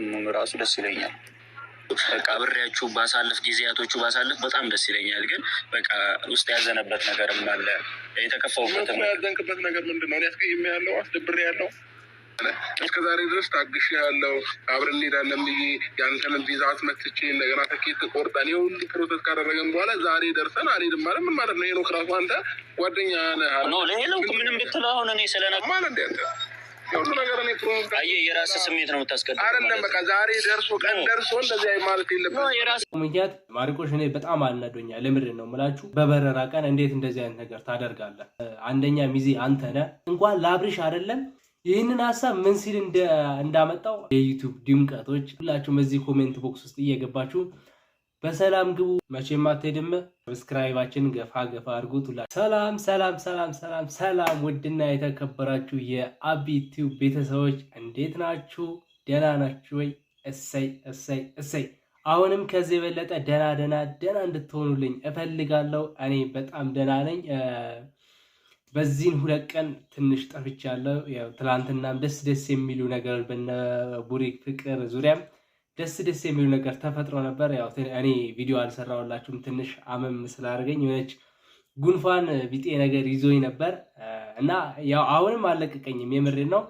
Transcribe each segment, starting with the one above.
ብንሆን ራሱ ደስ ይለኛል። በቃ ብሬያችሁ ባሳልፍ ጊዜያቶቹ ባሳልፍ በጣም ደስ ይለኛል። ግን በቃ ውስጥ ያዘነበት ነገርም አለ የተከፋውበት ያዘንክበት ነገር ምንድን ነው? ያስቀይም ያለው አስደብሬ ያለው እስከ ዛሬ ድረስ ታግሽ ያለው አብረን እንሄዳለን ብዬ ያንተንም ቪዛ አስመትቼ እንደገና ትኬት ቆርጠን ሁሉ ፕሮሰስ ካደረገን በኋላ ዛሬ ደርሰን አልሄድም ማለት ምን ማለት ነው? ይሄ እራሱ አንተ ጓደኛ ነህ። ሌላው ምንም ብትለው አሁን እኔ ስለነ ማለት እንደ ሁሉ ነገር እኔ የራስ ስሜት ነው የምታስቀድመው። አይደለም በቃ ዛሬ ደርሶ ቀን ደርሶ እንደዚህ ማለት የራስ ምክንያት ማሪቆሽ እኔ በጣም አልነዶኛል። ለምንድን ነው የምላችሁ በበረራ ቀን እንዴት እንደዚህ አይነት ነገር ታደርጋለህ? አንደኛ ሚዜ አንተ ነህ። እንኳን ላብሪሽ አይደለም ይህንን ሀሳብ ምን ሲል እንዳመጣው የዩቱብ ድምቀቶች ሁላችሁም በዚህ ኮሜንት ቦክስ ውስጥ እየገባችሁ በሰላም ግቡ። መቼም አትሄድም ሰብስክራይባችን ገፋ ገፋ አድርጉት። ሰላም ሰላም ሰላም ሰላም ሰላም። ውድና የተከበራችሁ የአቢቲው ቤተሰቦች እንዴት ናችሁ? ደና ናችሁ ወይ? እሰይ እሰይ እሰይ። አሁንም ከዚህ የበለጠ ደና ደና ደና እንድትሆኑልኝ እፈልጋለሁ። እኔ በጣም ደና ነኝ። በዚህን ሁለት ቀን ትንሽ ጠፍቻለሁ። ያው ትላንትናም ደስ ደስ የሚሉ ነገር በነ ቡሪክ ፍቅር ዙሪያም ደስ ደስ የሚሉ ነገር ተፈጥሮ ነበር። ያው እኔ ቪዲዮ አልሰራሁላችሁም ትንሽ አመም ስላደርገኝ የሆነች ጉንፋን ቢጤ ነገር ይዞኝ ነበር እና ያው አሁንም አልለቀቀኝም። የምሬ ነው።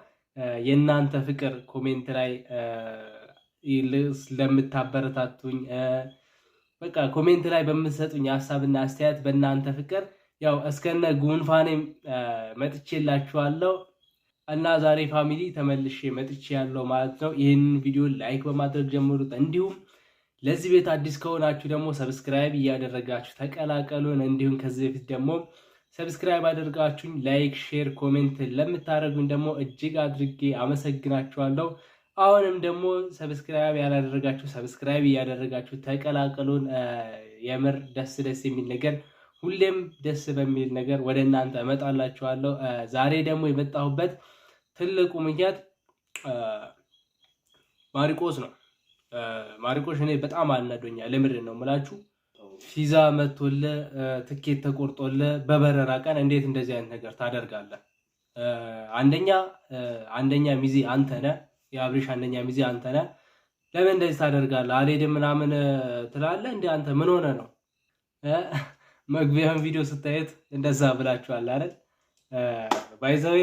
የእናንተ ፍቅር ኮሜንት ላይ ስለምታበረታቱኝ በቃ ኮሜንት ላይ በምትሰጡኝ ሀሳብና አስተያየት በእናንተ ፍቅር ያው እስከነ ጉንፋኔም መጥቼላችኋለሁ። እና ዛሬ ፋሚሊ ተመልሼ መጥቼ ያለው ማለት ነው። ይህንን ቪዲዮ ላይክ በማድረግ ጀምሩት። እንዲሁም ለዚህ ቤት አዲስ ከሆናችሁ ደግሞ ሰብስክራይብ እያደረጋችሁ ተቀላቀሉን። እንዲሁም ከዚህ በፊት ደግሞ ሰብስክራይብ አድርጋችሁኝ ላይክ፣ ሼር፣ ኮሜንት ለምታደርጉኝ ደግሞ እጅግ አድርጌ አመሰግናችኋለሁ። አሁንም ደግሞ ሰብስክራይብ ያላደረጋችሁ ሰብስክራይብ እያደረጋችሁ ተቀላቀሉን። የምር ደስ ደስ የሚል ነገር ሁሌም ደስ በሚል ነገር ወደ እናንተ እመጣላችኋለሁ። ዛሬ ደግሞ የመጣሁበት ትልቁ ምክንያት ማሪቆስ ነው። ማሪቆስ እኔ በጣም አናዶኛል። ለምንድን ነው የምላችሁ ፊዛ መቶለ ትኬት ተቆርጦለ በበረራ ቀን እንዴት እንደዚህ አይነት ነገር ታደርጋለህ? አንደኛ አንደኛ ሚዜ አንተነህ የአብሬሽ አንደኛ ሚዜ አንተነህ ለምን እንደዚህ ታደርጋለህ? አልሄድም ምናምን ትላለህ። እንደ አንተ ምን ሆነ ነው መግቢያን ቪዲዮ ስታየት እንደዛ ብላችኋል አይደል? ባይዘዌ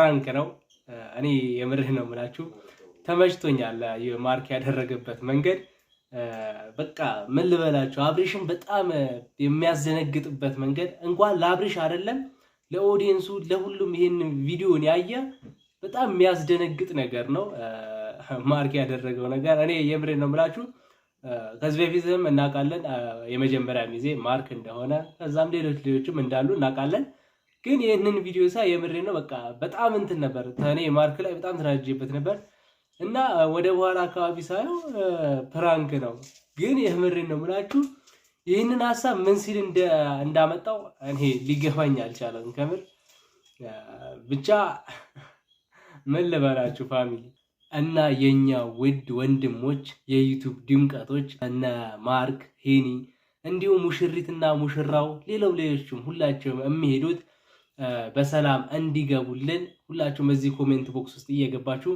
ራንክ ነው። እኔ የምርህ ነው የምላችሁ ተመችቶኛል። ማርክ ያደረገበት መንገድ በቃ ምን ልበላችሁ፣ አብሬሽን በጣም የሚያስደነግጥበት መንገድ እንኳን ለአብሬሽ አይደለም ለኦዲየንሱ፣ ለሁሉም ይህን ቪዲዮን ያየ በጣም የሚያስደነግጥ ነገር ነው ማርክ ያደረገው ነገር። እኔ የምሬ ነው የምላችሁ። ከዚህ በፊትም እናውቃለን የመጀመሪያ ጊዜ ማርክ እንደሆነ ከዛም ሌሎች ሌሎችም እንዳሉ እናውቃለን። ግን ይህንን ቪዲዮ ሳ የምሬ ነው በቃ በጣም እንትን ነበር። ተኔ ማርክ ላይ በጣም ተናድጄበት ነበር እና ወደ በኋላ አካባቢ ሳየው ፕራንክ ነው። ግን የምሬ ነው ምላችሁ ይህንን ሀሳብ ምን ሲል እንዳመጣው እኔ ሊገባኝ አልቻለም። ከምር ብቻ ምን ልበላችሁ ፋሚሊ እና የኛ ውድ ወንድሞች የዩቱብ ድምቀቶች እነ ማርክ ሄኒ እንዲሁም ሙሽሪትና ሙሽራው ሌላው ሌሎችም ሁላቸውም የሚሄዱት በሰላም እንዲገቡልን ሁላችሁም በዚህ ኮሜንት ቦክስ ውስጥ እየገባችሁ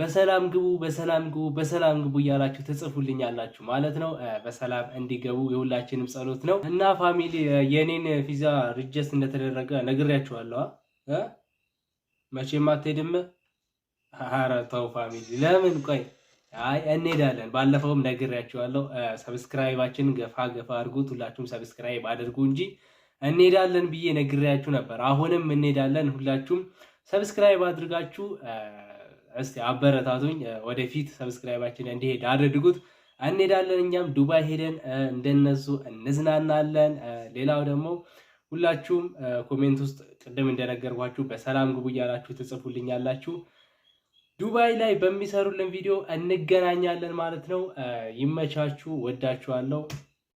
በሰላም ግቡ፣ በሰላም ግቡ፣ በሰላም ግቡ እያላችሁ ትጽፉልኝ ያላችሁ ማለት ነው። በሰላም እንዲገቡ የሁላችንም ጸሎት ነው እና ፋሚሊ የኔን ፊዛ ሪጀስት እንደተደረገ ነግሬያችኋለሁ። መቼም አትሄድም። ኧረ ተው ፋሚሊ ለምን? ቆይ አይ እንሄዳለን። ባለፈውም ነግሬያችኋለሁ። ሰብስክራይባችን ገፋ ገፋ አድርጉት። ሁላችሁም ሰብስክራይብ አድርጉ እንጂ እንሄዳለን ብዬ ነግሬያችሁ ነበር። አሁንም እንሄዳለን። ሁላችሁም ሰብስክራይብ አድርጋችሁ እስቲ አበረታቱኝ። ወደፊት ሰብስክራይባችን እንዲሄድ አድርጉት። እንሄዳለን። እኛም ዱባይ ሄደን እንደነሱ እንዝናናለን። ሌላው ደግሞ ሁላችሁም ኮሜንት ውስጥ ቅድም እንደነገርኳችሁ በሰላም ግቡ እያላችሁ ትጽፉልኛላችሁ። ዱባይ ላይ በሚሰሩልን ቪዲዮ እንገናኛለን ማለት ነው። ይመቻችሁ። ወዳችኋለሁ።